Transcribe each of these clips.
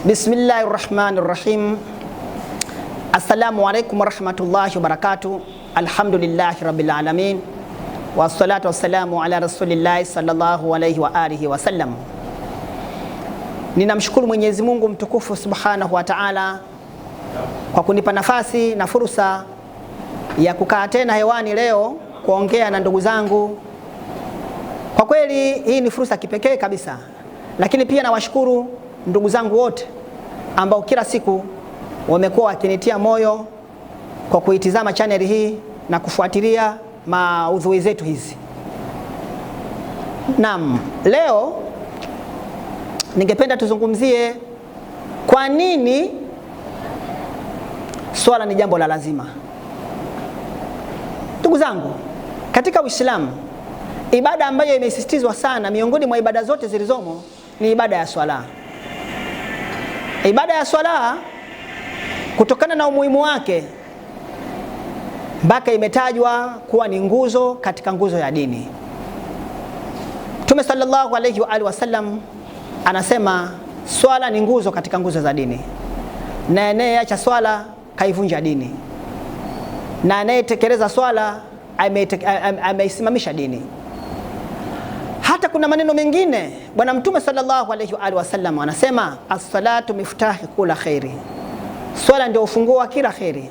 Bismillahi rahmani rahim. Assalamu alaikum warahmatullahi wabarakatuh. Alhamdulillahi rabbil alamin wassalatu wassalamu ala rasulillahi sallallahu alaihi wa alihi wasallam. Ninamshukuru Mwenyezi Mungu mtukufu subhanahu wa taala kwa kunipa nafasi na fursa ya kukaa tena hewani leo kuongea na ndugu zangu. Kwa kweli hii ni fursa kipekee kabisa, lakini pia nawashukuru ndugu zangu wote ambao kila siku wamekuwa wakinitia moyo kwa kuitizama chaneli hii na kufuatilia maudhui zetu hizi. Naam, leo ningependa tuzungumzie kwa nini swala ni jambo la lazima. Ndugu zangu, katika Uislamu ibada ambayo imesisitizwa sana miongoni mwa ibada zote zilizomo ni ibada ya swala. Ibada ya swala kutokana na umuhimu wake mpaka imetajwa kuwa ni nguzo katika nguzo ya dini. Mtume sallallahu alayhi wa alihi wasallam anasema swala ni nguzo katika nguzo za dini, na anayeacha swala kaivunja dini, na anayetekeleza swala ameisimamisha dini. Hata kuna maneno mengine Bwana Mtume sallallahu alayhi wa alihi wasallam anasema, as-salatu miftahi kula khairi, swala ndio ufunguo wa kila khairi.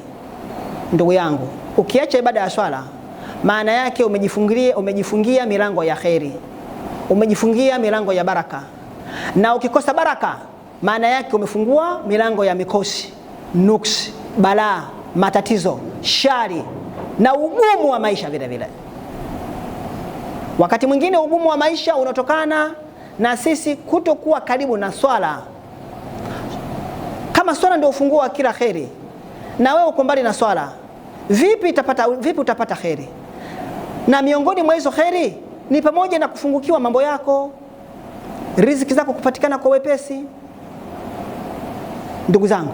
Ndugu yangu, ukiacha ibada ya swala, maana yake umejifungia, umejifungia milango ya khairi, umejifungia milango ya baraka, na ukikosa baraka, maana yake umefungua milango ya mikosi, nuksi, balaa, matatizo, shari na ugumu wa maisha vile vile. Wakati mwingine ugumu wa maisha unatokana na sisi kutokuwa karibu na swala. Kama swala ndio ufunguo wa kila kheri na wewe uko mbali na swala, vipi utapata, vipi utapata kheri? Na miongoni mwa hizo kheri ni pamoja na kufungukiwa mambo yako, riziki zako kupatikana kwa wepesi. Ndugu zangu,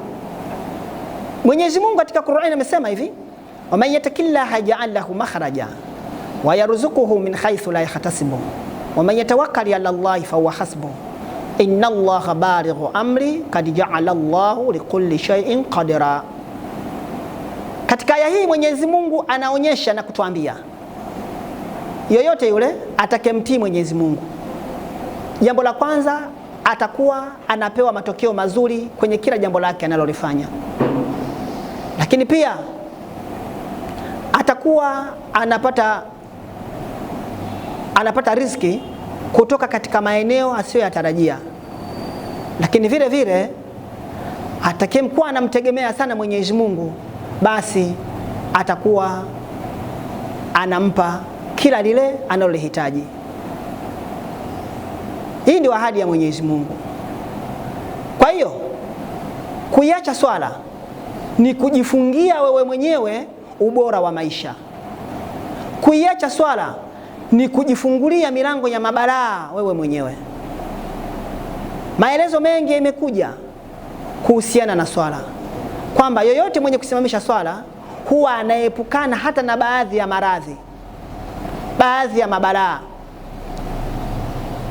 Mwenyezi Mungu katika Qur'ani amesema hivi, waman yatakillaha yaj'al lahu makhraja wayaruzukuhu min haithu la yahtasibu waman yatawakkal ala llahi fahuwa hasbu inna llaha balighu amri kad jaala llahu likulli shaiin qadira. Katika aya hii Mwenyezi Mungu anaonyesha na kutuambia yoyote yule atakemtii Mwenyezi Mungu, jambo la kwanza atakuwa anapewa matokeo mazuri kwenye kila jambo lake analolifanya, lakini pia atakuwa anapata anapata riziki kutoka katika maeneo asiyoyatarajia, lakini vile vile atakayemkuwa anamtegemea sana Mwenyezi Mungu, basi atakuwa anampa kila lile analolihitaji. Hii ndio ahadi ya Mwenyezi Mungu. Kwa hiyo kuiacha swala ni kujifungia wewe mwenyewe ubora wa maisha. Kuiacha swala ni kujifungulia milango ya mabaraa wewe mwenyewe. Maelezo mengi yamekuja kuhusiana na swala kwamba yoyote mwenye kusimamisha swala huwa anaepukana hata na baadhi ya maradhi, baadhi ya mabaraa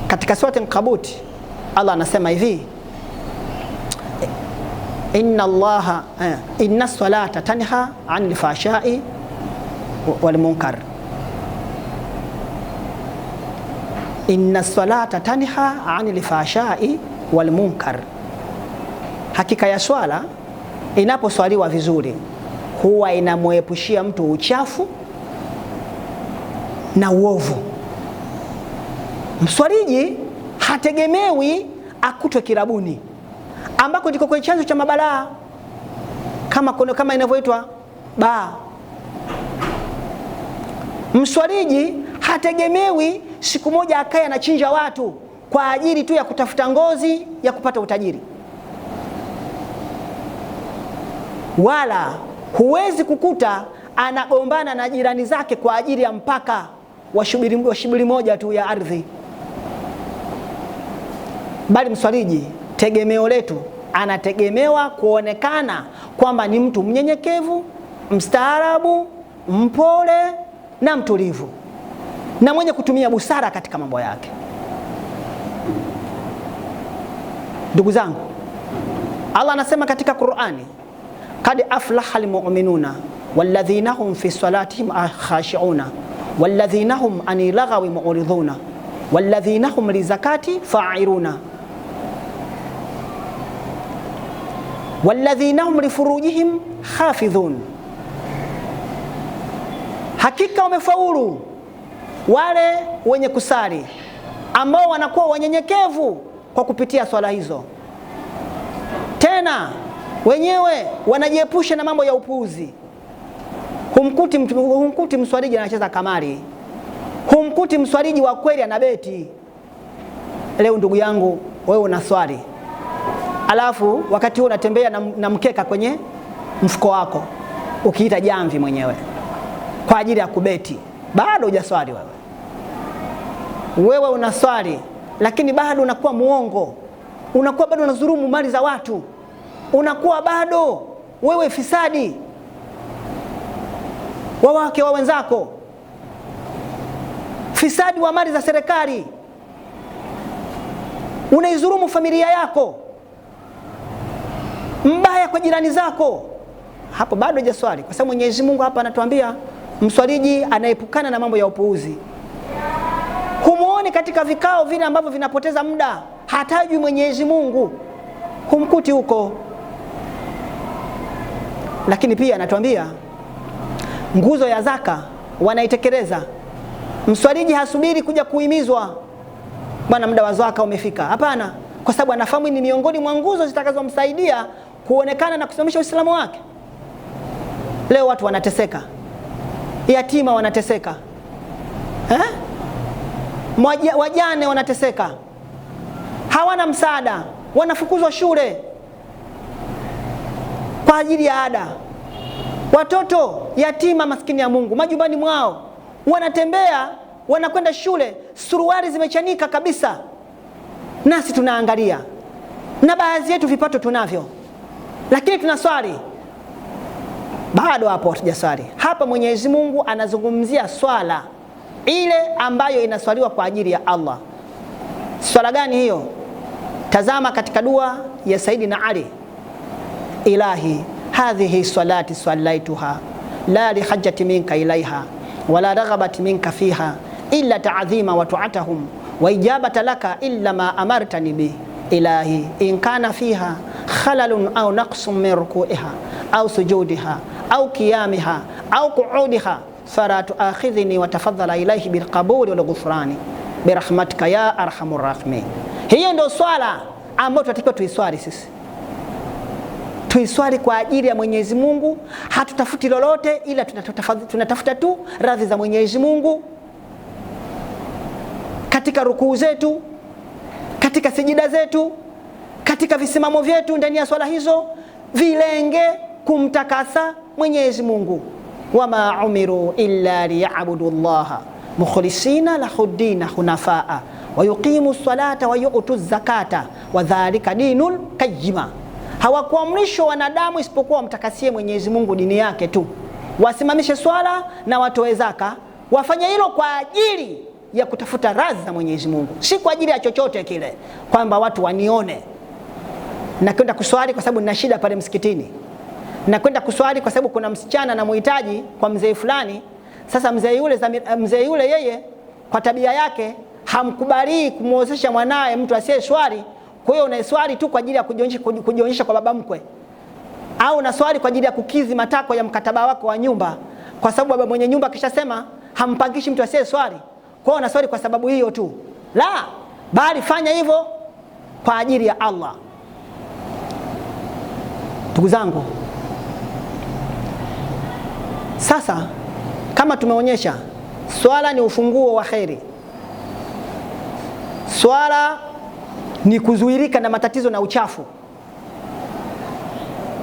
Katika Surati Nkabuti Allah anasema hivi inna Allaha, eh, inna salata tanha anil fashai wal munkar inna salata tanha ani lifashai wal munkar, hakika ya swala inaposwaliwa vizuri huwa inamwepushia mtu uchafu na uovu. Mswaliji hategemewi akutwe kirabuni ambako ndiko kwenye chanzo cha mabalaa kama, kama inavyoitwa baa. Mswaliji hategemewi siku moja akaye anachinja watu kwa ajili tu ya kutafuta ngozi ya kupata utajiri. Wala huwezi kukuta anagombana na jirani zake kwa ajili ya mpaka wa shibiri moja tu ya ardhi, bali mswaliji tegemeo letu anategemewa kuonekana kwamba ni mtu mnyenyekevu, mstaarabu, mpole na mtulivu na mwenye kutumia busara katika mambo yake. Ndugu zangu, Allah anasema katika Qur'ani, kad aflaha almu'minuna walladhina hum fi salatihim khashi'una walladhina hum ani laghawi mu'riduna walladhina hum lizakati fa'iruna walladhina hum lifurujihim hafidhun, hakika wamefaulu wale wenye kusali ambao wanakuwa wanyenyekevu kwa kupitia swala hizo, tena wenyewe wanajiepusha na mambo ya upuuzi. Humkuti, humkuti mswaliji anacheza kamari, humkuti mswaliji wa kweli anabeti. Leo ndugu yangu, wewe unaswali alafu wakati huo unatembea na, na mkeka kwenye mfuko wako ukiita jamvi mwenyewe kwa ajili ya kubeti bado hujaswali wewe. Wewe unaswali lakini bado unakuwa muongo, unakuwa bado unadhulumu mali za watu, unakuwa bado wewe fisadi wa wake wa wenzako, fisadi wa mali za serikali, unaidhulumu familia yako, mbaya kwa jirani zako, hapo bado hujaswali, kwa sababu Mwenyezi Mungu hapa anatuambia Mswaliji anaepukana na mambo ya upuuzi, humuoni katika vikao vile ambavyo vinapoteza muda, hatajui Mwenyezi Mungu, humkuti huko. Lakini pia anatuambia nguzo ya zaka wanaitekeleza. Mswaliji hasubiri kuja kuhimizwa, bwana, muda wa zaka umefika. Hapana, kwa sababu anafahamu ni miongoni mwa nguzo zitakazomsaidia kuonekana na kusimamisha Uislamu wake. Leo watu wanateseka yatima wanateseka eh? Mwaja, wajane wanateseka, hawana msaada, wanafukuzwa shule kwa ajili ya ada. Watoto yatima maskini ya Mungu majumbani mwao wanatembea, wanakwenda shule, suruali zimechanika kabisa, nasi tunaangalia, na baadhi yetu vipato tunavyo, lakini tuna swali bado hapo hatujaswali. Hapa Mwenyezi Mungu anazungumzia swala ile ambayo inaswaliwa kwa ajili ya Allah. Swala gani hiyo? Tazama katika dua ya Saidina Ali, ilahi hadhihi salati sallaituha la lihajati minka ilaiha wala raghabati minka fiha illa tu'atahum wa ijabata laka illa ma amartani bi ilahi in kana fiha khalalun au naqsun min rukuiha au sujudiha au qiyamiha au qu'udiha fala tuakhidhni watafadhala ilaihi bilqabuli walghufrani birahmatika ya arhamur rahimin. Hiyo ndio swala ambayo tunatakiwa tuiswali sisi, tuiswali kwa ajili ya Mwenyezi Mungu. Hatutafuti lolote, ila tunatafuta tu radhi za Mwenyezi Mungu katika rukuu zetu, katika sijida zetu, katika visimamo vyetu ndani ya swala hizo, vilenge kumtakasa Mwenyezi Mungu, wama umiru illa liyabudu llaha mukhlisina lahudina hunafaa wayuqimu salata wayutu zakata wadhalika dinul qayyima. Hawakuamrishwa wanadamu isipokuwa wamtakasie Mwenyezi Mungu dini yake tu, wasimamishe swala na watoe zaka. Wafanye hilo kwa ajili ya kutafuta radhi za Mwenyezi Mungu, si kwa ajili ya chochote kile, kwamba watu wanione na kuswali kwa sababu nina shida pale msikitini nakwenda kuswali kwa sababu kuna msichana namhitaji kwa mzee fulani. Sasa mzee yule, eh, mzee yule yeye kwa tabia yake hamkubalii kumwozesha mwanawe mtu asiye swali. Kwa hiyo unaiswali tu kwa ajili ya kujionyesha kwa baba mkwe, au unaswali kwa ajili ya kukizi matakwa ya mkataba wako wa nyumba, kwa sababu baba mwenye nyumba akishasema hampangishi mtu asiye swali. Kwa hiyo unaswali kwa sababu hiyo tu, la bali fanya hivyo kwa ajili ya Allah, ndugu zangu. Sasa kama tumeonyesha, swala ni ufunguo wa kheri, swala ni kuzuirika na matatizo na uchafu,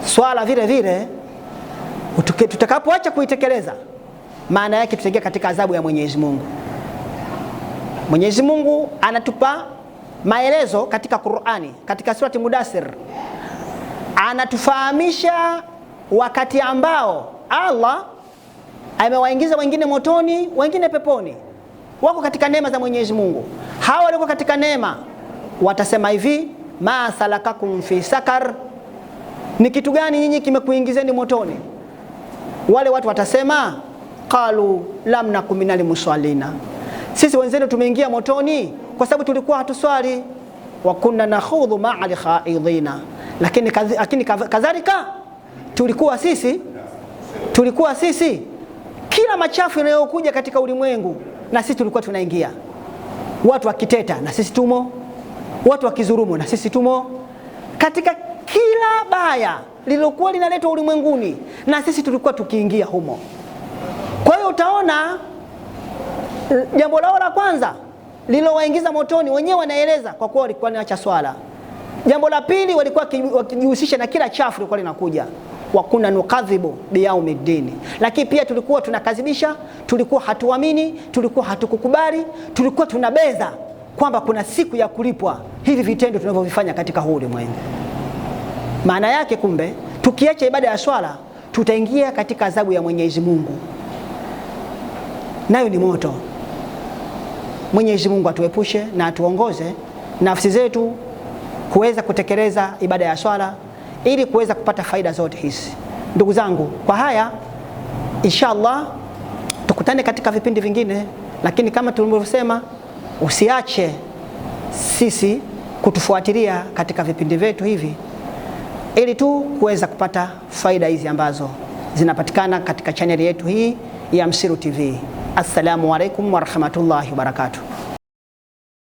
swala vile vile tutakapoacha kuitekeleza, maana yake tutaingia katika adhabu ya Mwenyezi Mungu. Mwenyezi Mungu anatupa maelezo katika Qur'ani, katika surati Mudassir, anatufahamisha wakati ambao Allah amewaingiza wengine motoni, wengine peponi, wako katika neema za Mwenyezi Mungu. Hawa walioko katika neema watasema hivi, ma salakakum fi sakar, ni kitu gani nyinyi kimekuingizeni motoni? Wale watu watasema qalu lam nakum minal musallina, sisi wenzetu tumeingia motoni kwa sababu tulikuwa hatuswali. Wa kunna nakhudhu ma'a al-khaidina, lakini kadhalika tulikuwa sisi tulikuwa sisi majira machafu yanayokuja katika ulimwengu, na sisi tulikuwa tunaingia. Watu wakiteta na sisi tumo, watu wakizurumu na sisi tumo, katika kila baya lililokuwa linaletwa ulimwenguni, na sisi tulikuwa tukiingia humo. Kwa hiyo utaona jambo lao la kwanza lililowaingiza motoni, wenyewe wanaeleza kwa kuwa walikuwa naacha swala. Jambo la pili, walikuwa wakijihusisha na kila chafu lilikuwa linakuja wa kuna nukadhibu biyaumiddini, lakini pia tulikuwa tunakadhibisha, tulikuwa hatuamini, tulikuwa hatukukubali, tulikuwa tunabeza kwamba kuna siku ya kulipwa hivi vitendo tunavyovifanya katika huu ulimwengu. Maana yake kumbe, tukiacha ibada ya swala tutaingia katika adhabu ya Mwenyezi Mungu, nayo ni moto. Mwenyezi Mungu atuepushe na atuongoze nafsi zetu kuweza kutekeleza ibada ya swala ili kuweza kupata faida zote hizi. Ndugu zangu, kwa haya inshallah tukutane katika vipindi vingine, lakini kama tulivyosema, usiache sisi kutufuatilia katika vipindi vyetu hivi ili tu kuweza kupata faida hizi ambazo zinapatikana katika chaneli yetu hii ya Msiru TV. Assalamu alaikum warahmatullahi wabarakatuh.